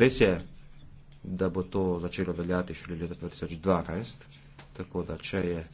Res je, da bo to začelo veljati šele leta 2012, tako da če je.